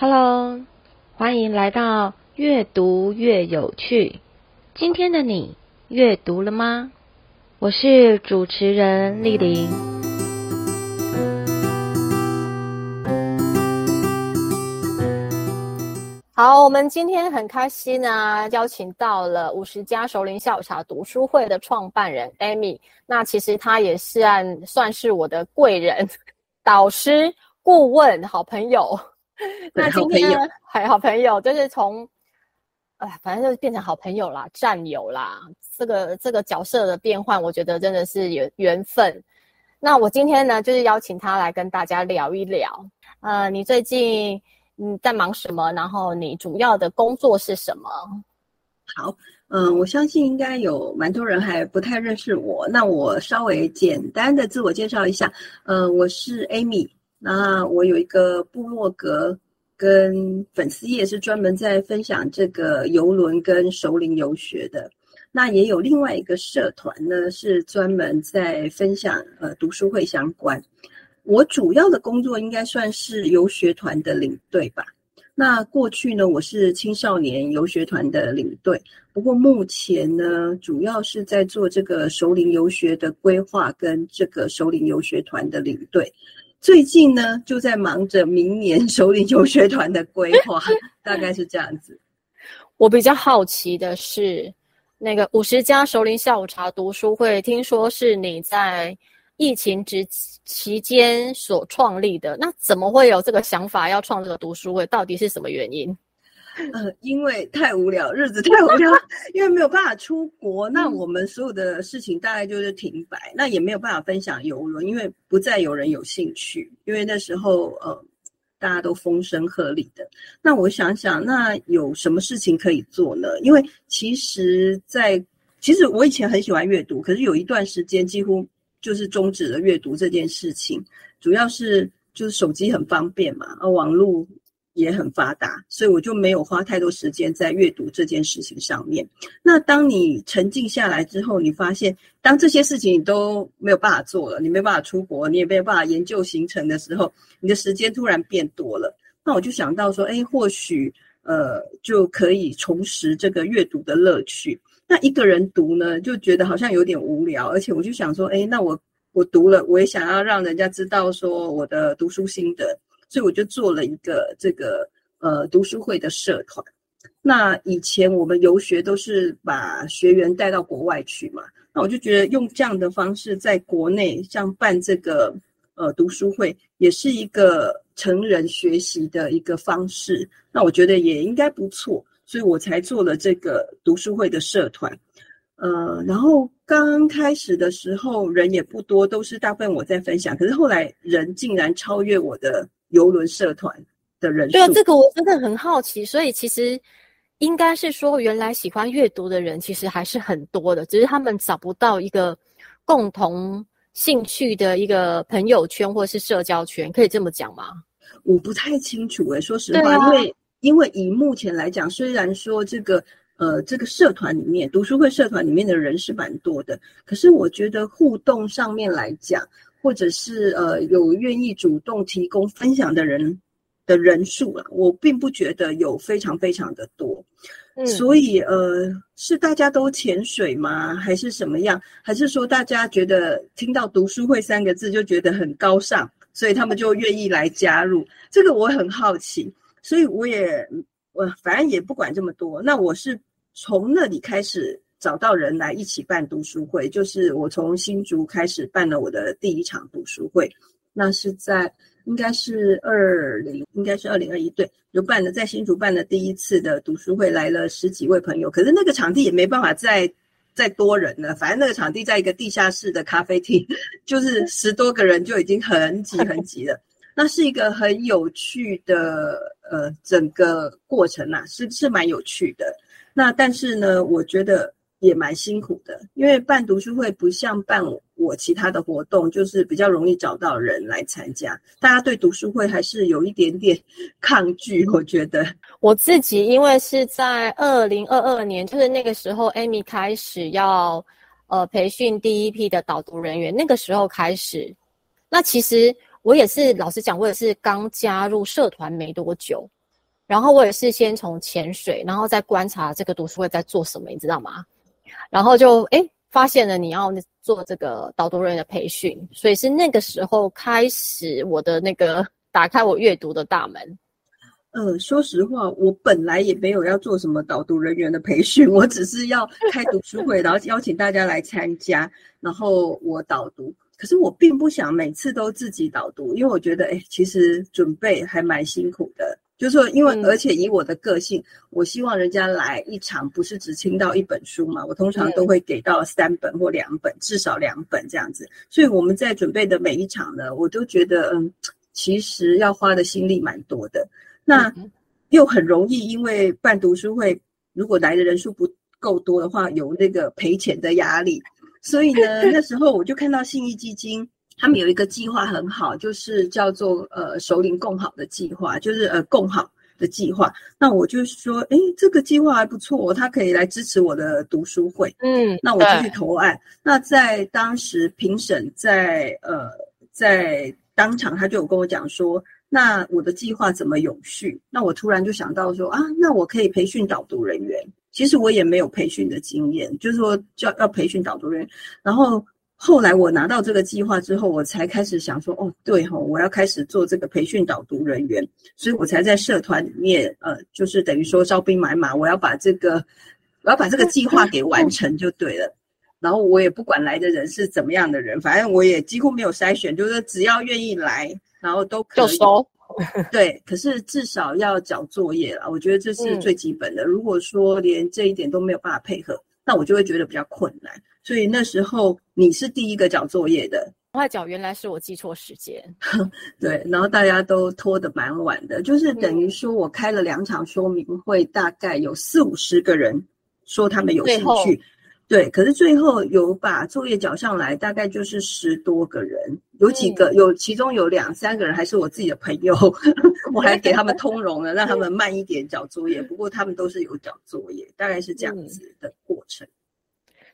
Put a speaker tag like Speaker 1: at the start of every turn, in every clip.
Speaker 1: Hello，歡迎來到越讀越有趣。今天的你閱讀了嗎？我是主持人麗玲。好，我們今天很開心啊，邀請到了 50+ 熟齡下午茶讀書會的創辦人 Amy。那其實她也是算算是我的貴人、導師、顧問、好朋友。 那今天還好，哎、好朋友，就是從哎，反正就是變成好朋友啦、戰友啦，這個這個角色的變換，我覺得真的是有緣分。那我今天呢，就是邀請他來跟大家聊一聊。呃，你最近你在忙什麼？然後你主要的工作是什麼？
Speaker 2: 好，嗯、呃，我相信應該有蠻多人還不太認識我，那我稍微簡單的自我介紹一下。嗯、呃，我是 Amy。那我有一個部落格，跟粉絲也是專門在分享這個郵輪跟熟齡遊學的。那也有另外一個社團呢，是專門在分享呃讀書會相關。我主要的工作應該算是遊學團的領隊吧。那過去呢，我是青少年遊學團的領隊，不過目前呢，主要是在做這個熟齡遊學的規劃跟這個熟齡遊學團的領隊。最近呢，就在忙着明年熟齡遊學團的
Speaker 1: 規劃，大概是這樣子。 我比較好奇的是，那個五十加熟齡下午茶讀書會，聽說是你在疫情之期間所創立的，那怎麼會有這個想法要創這個讀書會？到底是什麼原因？
Speaker 2: 呃，因為太無聊，日子太無聊， 因為沒有辦法出國，那我們所有的事情大概就是停擺，嗯、那也沒有辦法分享遊輪，因為不再有人有興趣，因為那時候呃，大家都風聲鶴唳的。那我想想，那有什麼事情可以做呢？因為其實在，在其實我以前很喜歡閱讀，可是有一段時間幾乎就是終止了閱讀這件事情，主要是就是手機很方便嘛，而、啊、網絡，也很發達，所以我就沒有花太多時間在閱讀這件事情上面。那當你沉靜下來之後，你發現當這些事情你都沒有辦法做了，你沒有辦法出國，你也沒有辦法研究行程的時候，你的時間突然變多了。那我就想到說，誒、哎，或許呃就可以重拾這個閱讀的樂趣。那一個人讀呢，就覺得好像有點無聊，而且我就想說，誒、哎，那我我讀了，我也想要讓人家知道說我的讀書心得。所以我就做了一個這個呃讀書會的社團。那以前我們遊學都是把學員帶到國外去嘛，那我就覺得用這樣的方式在國內像辦這個呃讀書會，也是一個成人學習的一個方式。那我覺得也應該不錯，所以我才做了這個讀書會的社團。呃，然後剛開始的時候人也不多，都是大部分我在分享，可是後來人竟然超越我的。遊輪社團的人數，對，這
Speaker 1: 個我真的很好奇。所以其實應該是說，原來喜歡閱讀的人其實還是很多的，只是他們找不到一個共同興趣的一個朋友圈或者是社交圈，可以這麼講嗎？我不太
Speaker 2: 清楚誒、欸，說實話，啊、因為因為以目前來講，雖然說這個呃這個社團裡面讀書會社團裡面的人是蠻多的，可是我覺得互動上面來講。或者是呃有願意主動提供分享的人的人數啊，我並不覺得有非常非常的多，嗯，所以呃是大家都潛水嗎？還是什麼樣？還是說大家覺得聽到讀書會三個字就覺得很高尚，所以他們就願意來加入。嗯。這個我很好奇，所以我也我反正也不管這麼多。那我是從那裡開始，找到人來一起辦讀書會，就是我從新竹開始辦了我的第一場讀書會，那是在應該是二零，應該是二零二一，對，就辦的在新竹辦的第一次的讀書會，來了十幾位朋友，可是那個場地也沒辦法再再多人了，反正那個場地在一個地下室的咖啡廳，就是十多個人就已經很擠很擠了。那是一個很有趣的呃整個過程啦、啊、是是蠻有趣的。那但是呢，我覺得。也蠻辛苦的，因為辦讀書會不像辦我，我其他的活動，就是比較容易找到人來參加。大家對讀書會還是有一點點
Speaker 1: 抗拒，我覺得。我自己因為是在二零二二年，就是那個時候，Amy 開始要呃培訓第一批的導讀人員，那個時候開始，那其實我也是老實講，我也是剛加入社團沒多久，然後我也是先從潛水，然後再觀察這個讀書會在做什麼，你知道嗎？然後就，哎，發現了你要做這個導讀人員的培訓，所以是那個時候開始我的那個打開我閱讀的大門。
Speaker 2: 嗯、呃，說實話，我本來也沒有要做什麼導讀人員的培訓，我只是要開讀書會， 然後邀請大家來參加，然後我導讀。可是我並不想每次都自己導讀，因為我覺得哎，其實準備還蠻辛苦的。就是說，因為而且以我的個性，我希望人家來一場，不是只聽到一本書嘛？我通常都會給到三本或兩本，至少兩本這樣子。所以我們在準備的每一場呢，我都覺得嗯，其實要花的心力蠻多的。那又很容易，因為辦讀書會，如果來的人數不夠多的話，有那個賠錢的壓力。所以呢，那時候我就看到信義基金。他們有一個計劃很好，就是叫做呃“熟齡共好”的計劃，就是呃“共好”的計劃。那我就說，哎、欸，這個計劃還不錯、哦，他可以來支持我的讀書會。嗯，那我就去投案。對那在當時評審在呃在當場，他就有跟我講說，那我的計劃怎麼永續？那我突然就想到說啊，那我可以培訓導讀人員。其實我也沒有培訓的經驗，就是說要要培訓導讀人員，然後。後來我拿到這個計劃之後，我才開始想說，哦，對吼，我要開始做這個培訓導讀人員，所以我才在社團裡面，呃，就是等於說招兵買馬，我要把這個，我要把這個計劃給完成就對了。嗯嗯、然後我也不管來的人是怎麼樣的人，反正我也幾乎沒有篩選，就是只要願意來，然後都可以。就說 對，可是至少要交作業啦。我覺得這是最基本的。嗯、如果說連這一點都沒有辦法配合，那我就會覺得比較困難。所以那時候你是第一個交作業的，
Speaker 1: 外交原來是我記錯時間。 對，
Speaker 2: 然後大家都拖得蠻晚的，就是等於說我開了兩場說明會，嗯、大概有四五十個人說他們有興趣，後對，可是最後有把作業交上來，大概就是十多個人，嗯、有幾個有其中有兩三個人還是我自己的朋友，
Speaker 1: 我還給他們
Speaker 2: 通融了，嗯、讓他們慢一點交作業，不過他們都是有交作業，大概是這樣子的過程。嗯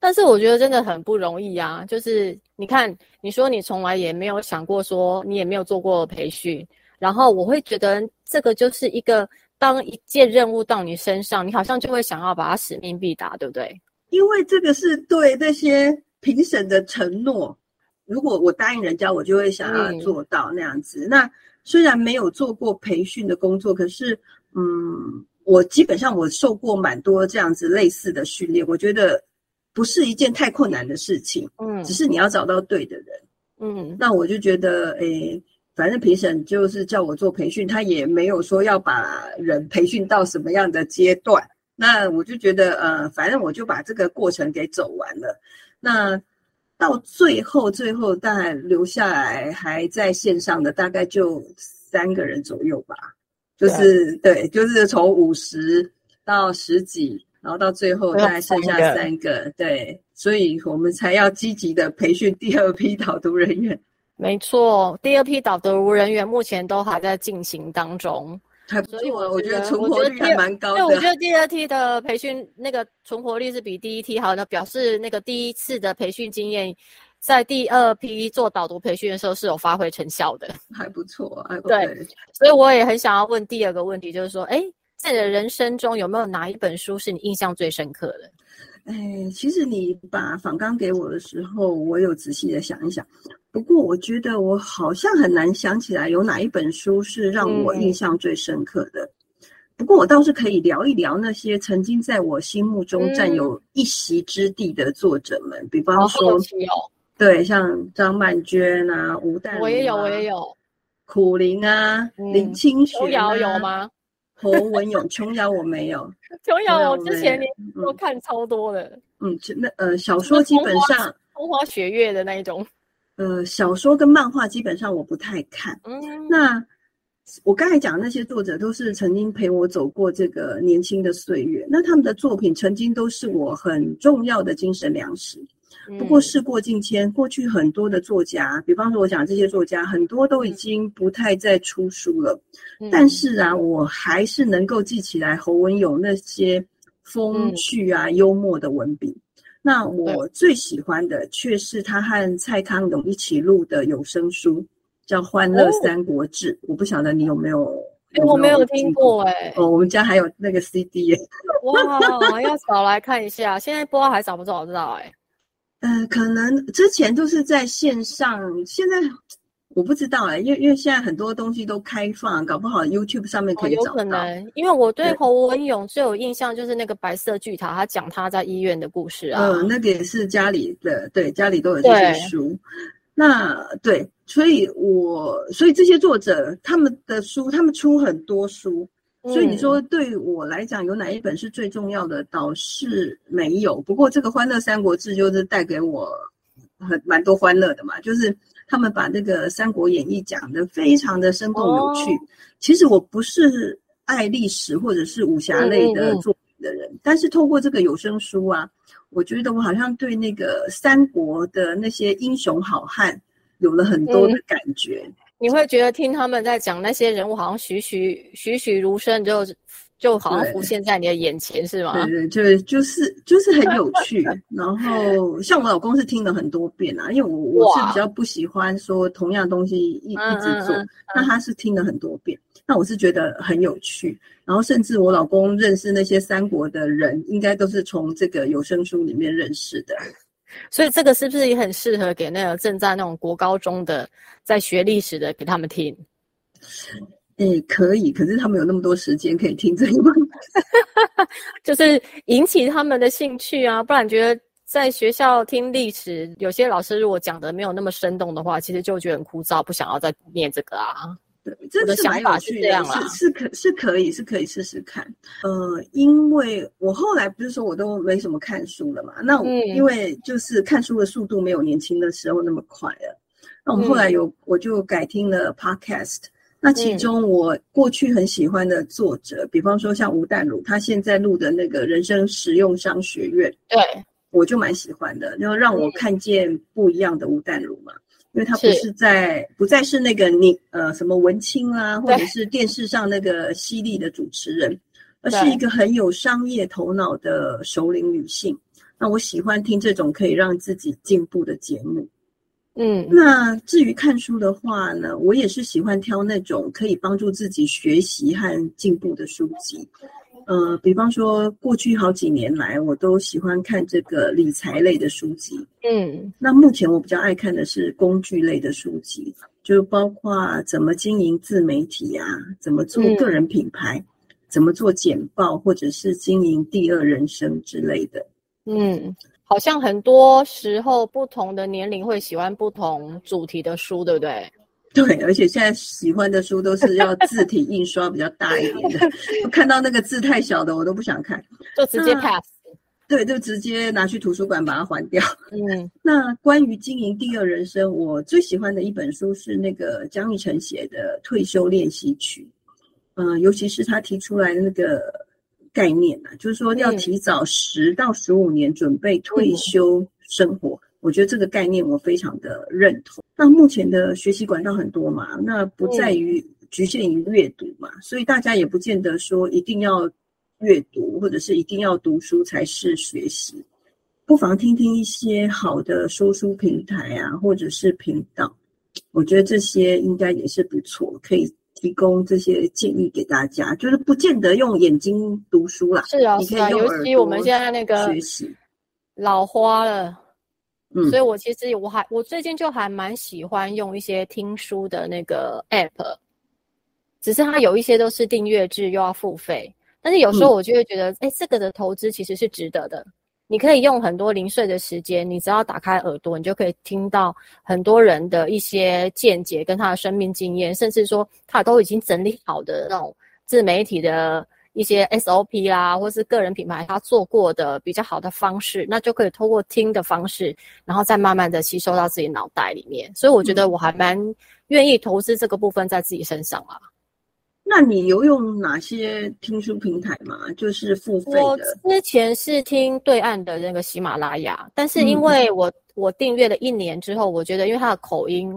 Speaker 1: 但是我覺得真的很不容易啊！就是你看，你說你從來也沒有想過說你也沒有做過培訓，然後我會覺得這個就是一個當一件任務到你身上，你好像就會想要把它使命必達，對不對？
Speaker 2: 因為這個是對那些評審的承諾。如果我答應人家，我就會想要做到那樣子。嗯。那雖然沒有做過培訓的工作，可是嗯，我基本上我受過蠻多這樣子類似的訓練，我覺得。不是一件太困難的事情，嗯，只是你要找到對的人，嗯，那我就覺得，誒，反正評審就是叫我做培訓，他也沒有說要把人培訓到什麼樣的階段，那我就覺得，呃，反正我就把這個過程給走完了，那到最後，最後但留下來還在線上的大概就三個人左右吧，嗯，就是對，就是從五十到十幾。然後到最後，再剩下三個，對，所以我們才要積極的培訓第二批導
Speaker 1: 讀人員。沒錯，第二批導讀人員目前都還在進行當中，還不錯。所以我覺,我覺得存活率還蠻高的。我覺,我覺得第二批的培訓那個存活率是比第一批好的，表示那個第一次的培訓經驗，在第二批做導讀培訓的時候是有發揮成效的，還不錯，還不錯。對，所以我也很想要問第二個問題，就是說，哎。的人生中有沒有哪一本書是你印象最深刻的？
Speaker 2: 哎、欸，其實你把訪綱給我的時候，我有仔細的想一想。不過我覺得我好像很難想起來有哪一本書是讓我印象最深刻的。嗯、不過我倒是可以聊一聊那些曾經在我心目中占有一席之地的作者們，嗯、比方說，哦、對，像張曼娟啊，吳淡如、啊、我也有，我也
Speaker 1: 有，
Speaker 2: 苦苓啊，嗯、林清玄、啊，我也有，有嗎？侯文勇、瓊瑤我沒有，
Speaker 1: 侯文詠瑤瑤我之前都看超多的。
Speaker 2: 嗯，那、嗯、呃，小說基本上《
Speaker 1: 風花雪月》的那一種。
Speaker 2: 呃，小說跟漫畫基本上我不太看。嗯、那我剛才講的那些作者，都是曾經陪我走過這個年輕的歲月，那他們的作品曾經都是我很重要的精神糧食。不過事過境遷，嗯、過去很多的作家，比方說我講這些作家，很多都已經不太再出書了。嗯、但是啊，嗯、我還是能夠記起來侯文詠那些風趣啊、嗯、幽默的文筆。那我最喜歡的卻是他和蔡康永一起錄的有聲書，叫《歡樂三國志》。哦、我不曉得你有沒有？我沒，有沒有聽過哎。哦，過欸、哦，我們家還有那個 CD 耶、欸。
Speaker 1: 哇， 要找來看一下。現在不知道還找不找得到哎？
Speaker 2: 嗯、呃，可能之前都是在線上，現在我不知道哎、欸，因為因為現在很多東西都開放，搞不好 YouTube 上面可以找到。哦、可能
Speaker 1: 因為我對侯文詠最有印象就是那個白色巨塔，對他講他在醫院的故事啊。嗯、呃，
Speaker 2: 那個也是家裡的，對家裡都有這些書。對那對，所以我所以這些作者他們的書，他們出很多書，所以你說對我來講有哪一本是最重要的？倒是沒有。不過這個《歡樂三國志》就是帶給我很蠻多歡樂的嘛，就是他們把那個《三國演義》講得非常的生動有趣。哦、其實我不是愛歷史或者是武俠類的作品的人，嗯嗯嗯，但是透過這個有聲書啊，我覺得我好像對那個三國的那些英雄好漢有了很多的感覺。嗯嗯
Speaker 1: 你會覺得聽他們在講那些人物，好像栩栩、栩栩如生就，就就好像浮現在你的眼前，對是嗎？對對對，
Speaker 2: 對是就是就是很有趣。 然後，像我老公是聽了很多遍啊，因為我我是比較不喜歡說同樣東西一哇一直做，那、嗯嗯嗯嗯、他是聽了很多遍，那我是覺得很有趣。然後，甚至我老公認識那些三國的人，應該都是從這個有聲書裡面認識的。
Speaker 1: 所以這個是不是也很適合給那個正在那種國高中的在學歷史的給他們聽？
Speaker 2: 也、欸、可以，可是他們有那麼多時間可以聽這一段？
Speaker 1: 就是引起他們的興趣啊！不然覺得在學校聽歷史，有些老師如果講得沒有那麼生動的話，其實就覺得很枯燥，不想要再念這個啊。真這的想法
Speaker 2: 是這、啊、的是可，是可以，是可以試試看。呃，因為我後來不是說我都沒什麼看書了嘛，那因為就是看書的速度沒有年輕的時候那麼快了。那我們後來有，我就改聽了 podcast。那其中我過去很喜歡的作者，比方說像吳淡如，他現在錄的那個人生實用商學院，對，我就蠻喜歡的，然後讓我看見不一樣的吳淡如嘛。因為她不是在，是不再是那個你，呃什麼文青啦、啊，對或者是電視上那個犀利的主持人，對而是一個很有商業頭腦的熟齡女性。那我喜歡聽這種可以讓自己進步的節目。嗯，那至於看書的話呢，我也是喜歡挑那種可以幫助自己學習和進步的書籍。呃，比方說過去好幾年來，我都喜歡看這個理財類的書籍。嗯，那目前我比較愛看的是工具類的書籍，就包括怎麼經營自媒體啊，怎麼做個人品牌，嗯、怎麼做簡報，或者是經營第二人生之類的。
Speaker 1: 嗯。好像很多時候，不同的年齡會喜歡不同主題的書，對不對？
Speaker 2: 對，而且現在喜歡的書都是要字體印刷比較大一點的， 我看到那個字太小的，我都不想看，
Speaker 1: 就直接 pass。
Speaker 2: 對，就直接拿去圖書館把它還掉。嗯，那關於經營第二人生，我最喜歡的一本書是那個江一晨寫的《退休練習曲》，呃，嗯，尤其是他提出來的那個。概念呢、啊，就是說要提早十到十五年準備退休生活，嗯、我覺得這個概念我非常的認同。那目前的學習管道很多嘛，那不在於局限於閱讀嘛，嗯、所以大家也不見得說一定要閱讀或者是一定要讀書才是學習，不妨聽聽一些好的說書平台啊，或者是頻道，我覺得這些應該也是不錯，可以。提供這些建議給大家，就是不見得用眼睛讀書啦。是啊，你可以用耳朵學習。是啊，尤其我們現在那個，學習
Speaker 1: 老花了，嗯，所以我其實我還我最近就還蠻喜歡用一些聽書的那個 app，只是它有一些都是訂閱制，又要付費。但是有時候我就會覺得，哎、嗯欸，這個的投資其實是值得的。你可以用很多零碎的時間，你只要打開耳朵，你就可以聽到很多人的一些見解跟他的生命經驗，甚至說他都已經整理好的那種自媒體的一些 SOP 啦、啊，或是個人品牌他做過的比較好的方式，那就可以透過聽的方式，然後再慢慢的吸收到自己腦袋裡面。所以我覺得我還蠻願意投資這個部分在自己身上啊。嗯那你
Speaker 2: 有用哪些聽書平台嗎？就是付費的。我
Speaker 1: 之前是聽對岸的那個喜馬拉雅，但是因為我、嗯、我訂閱了一年之後，我覺得因為他的口音，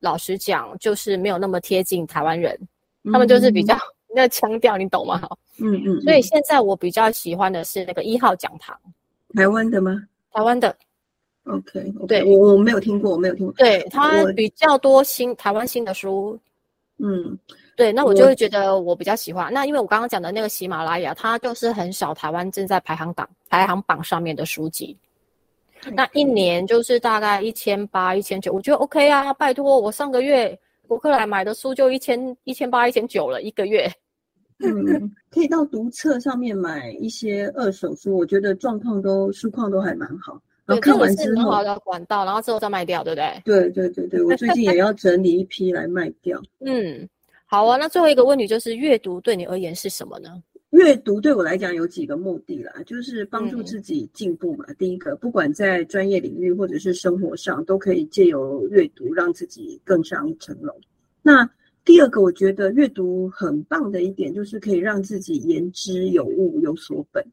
Speaker 1: 老實講就是沒有那麼貼近台灣人，
Speaker 2: 他們就是比較嗯
Speaker 1: 嗯那腔調，你懂嗎？嗯，嗯嗯。所以現在我比較喜歡的是那個一號講堂，
Speaker 2: 台灣的嗎？台灣的。OK，okay，對，我我沒有聽過，我沒有聽過。對他
Speaker 1: 比較多新台灣新的書。嗯。對，那我就會覺得我比較喜歡。我那因為我剛剛講的那個喜馬拉雅，它就是很少台灣正在排行榜、排行榜上面的書籍。I can. 那一年就是大概一千八、一千九，我覺得 OK 啊，拜託我上個月博客來買的書就一千一千八、一千九了，一個月。嗯，
Speaker 2: 可以到讀冊上面買一些二手書，我覺得狀況都
Speaker 1: 書況都還蠻好。然後看完之後，就是、很好的管道，然後之後再賣掉，對不對？對
Speaker 2: 對對對，對，我最近也要整理一批來賣掉。 嗯。
Speaker 1: 好啊，那最後一個問題就是閱讀對你而言是什麼呢？
Speaker 2: 閱讀對我來講有幾個目的啦，就是幫助自己進步嘛。嗯、第一個，不管在專業領域或者是生活上，都可以借由閱讀讓自己更上一層樓。那第二個，我覺得閱讀很棒的一點就是可以讓自己言之有物、有所本。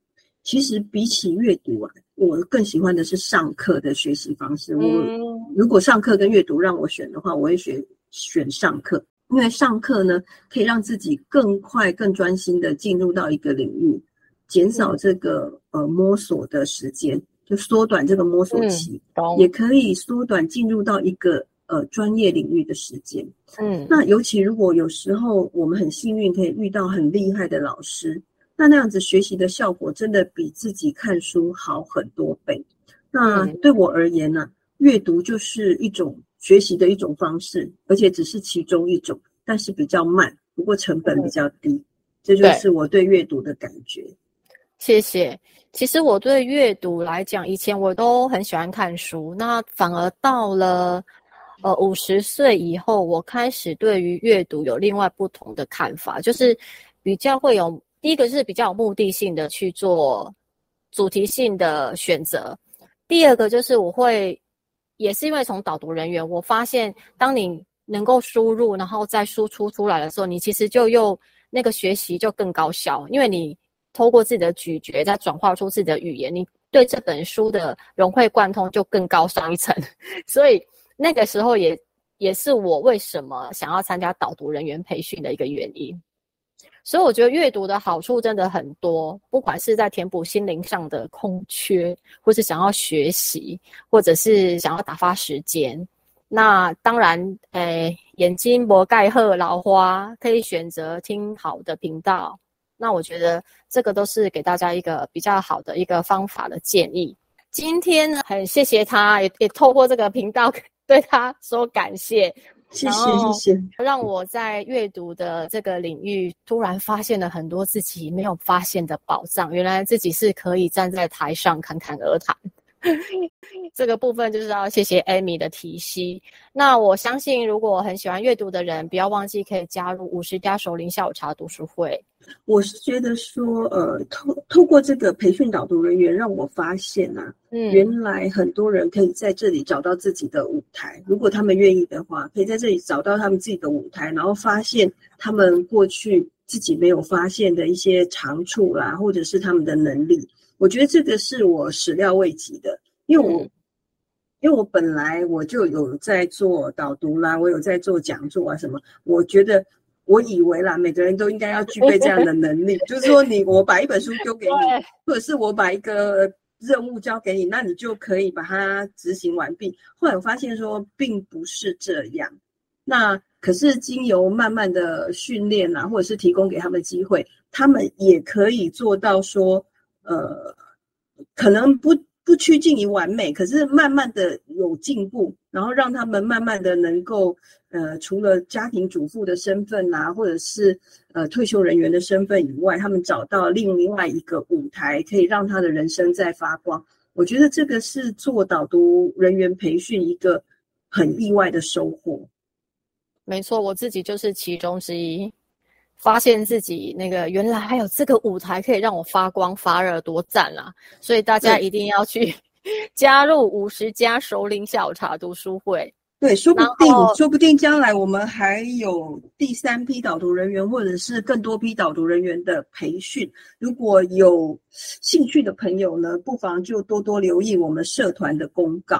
Speaker 2: 其實比起閱讀啊，我更喜歡的是上課的學習方式。嗯、我如果上課跟閱讀讓我選的話，我會選選上課。因為上課呢，可以讓自己更快、更專心的進入到一個領域，減少這個呃摸索的時間，就縮短這個摸索期，嗯、也可以縮短進入到一個呃專業領域的時間。嗯，那尤其如果有時候我們很幸運可以遇到很厲害的老師，那那樣子學習的效果真的比自己看書好很多倍。那對我而言呢、啊，嗯、閱讀就是一種學習的一種方式，而且只是其中一種但，但是比較慢，不過成本比較低。這就是我對閱讀的感覺。
Speaker 1: 謝謝。其實我對閱讀來講，以前我都很喜歡看書，那反而到了呃五十歲以後，我開始對於閱讀有另外不同的看法，就是比較會有第一個是比較有目的性的去做主題性的選擇，第二個就是我會。也是因為從導讀人員，我發現，當你能夠輸入，然後再輸出出來的時候，你其實就又那個學習就更高效，因為你通過自己的咀嚼再轉化出自己的語言，你對這本書的融會貫通就更高上一層。所以那個時候也也是我為什麼想要參加導讀人員培訓的一個原因。所以我覺得閱讀的好處真的很多，不管是在填補心靈上的空缺，或是想要學習，或者是想要打發時間。那當然，誒、欸，眼睛磨蓋、核老花可以選擇聽好的頻道。那我覺得這個都是給大家一個比較好的一個方法的建議。今天呢，很謝謝他，也也透過這個頻道對他說感謝。謝謝謝謝，讓我在閱讀的這個領域，突然發現了很多自己沒有發現的寶藏。原來自己是可以站在台上侃侃而談。 這個部分就是要謝謝 Amy 的提攜。那我相信，如果很喜歡閱讀的人，不要忘記可以加入 50+ 熟齡下午茶讀書會。我
Speaker 2: 是覺得說，呃，透透過這個培訓導讀人員，讓我發現啊，嗯，原來很多人可以在這裡找到自己的舞台，如果他們願意的話，可以在這裡找到他們自己的舞台，然後發現他們過去自己沒有發現的一些長處啦，或者是他們的能力。我覺得這個是我始料未及的，因為我，嗯，因為我本來我就有在做導讀啦，我有在做講座啊什麼，我覺得。我以為啦，每個人都應該要具備這樣的能力， 就是說你，我把一本書丟給你，對或者是我把一個任務交給你，那你就可以把它執行完畢。後來我發現說，並不是這樣。那可是經由慢慢的訓練啊，或者是提供給他們機會，他們也可以做到說，呃，可能不。不趨近於完美，可是慢慢的有進步，然後讓他們慢慢的能夠，呃，除了家庭主婦的身份吶、啊，或者是呃退休人員的身份以外，他們找到另另外一個舞台，可以讓他的人生再發光。我覺得這個是做導讀人員培訓一個很意外的收穫。
Speaker 1: 沒錯，我自己就是其中之一。發現自己那個原來還有這個舞台可以讓我發光發熱，多贊啊！所以大家一定要去對 加入五十加熟齡下午茶讀書會。
Speaker 2: 對，說不定，後說不定將來我們還有第三批導讀人員，或者是更多批導讀人員的培訓。如果有興趣的朋友呢，不妨就多多留意我們社團的公告。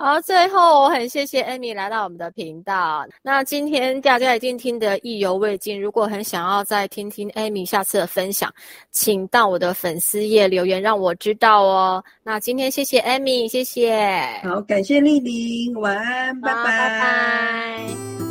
Speaker 1: 好，最後我很謝謝 Amy 來到我們的頻道。那今天大家已經聽得意猶未盡，如果很想要再聽聽 Amy 下次的分享，請到我的粉絲頁留言，讓我知道哦。那今天謝謝 Amy，謝謝。好，
Speaker 2: 感謝麗玲，
Speaker 1: 晚安，好拜拜。拜拜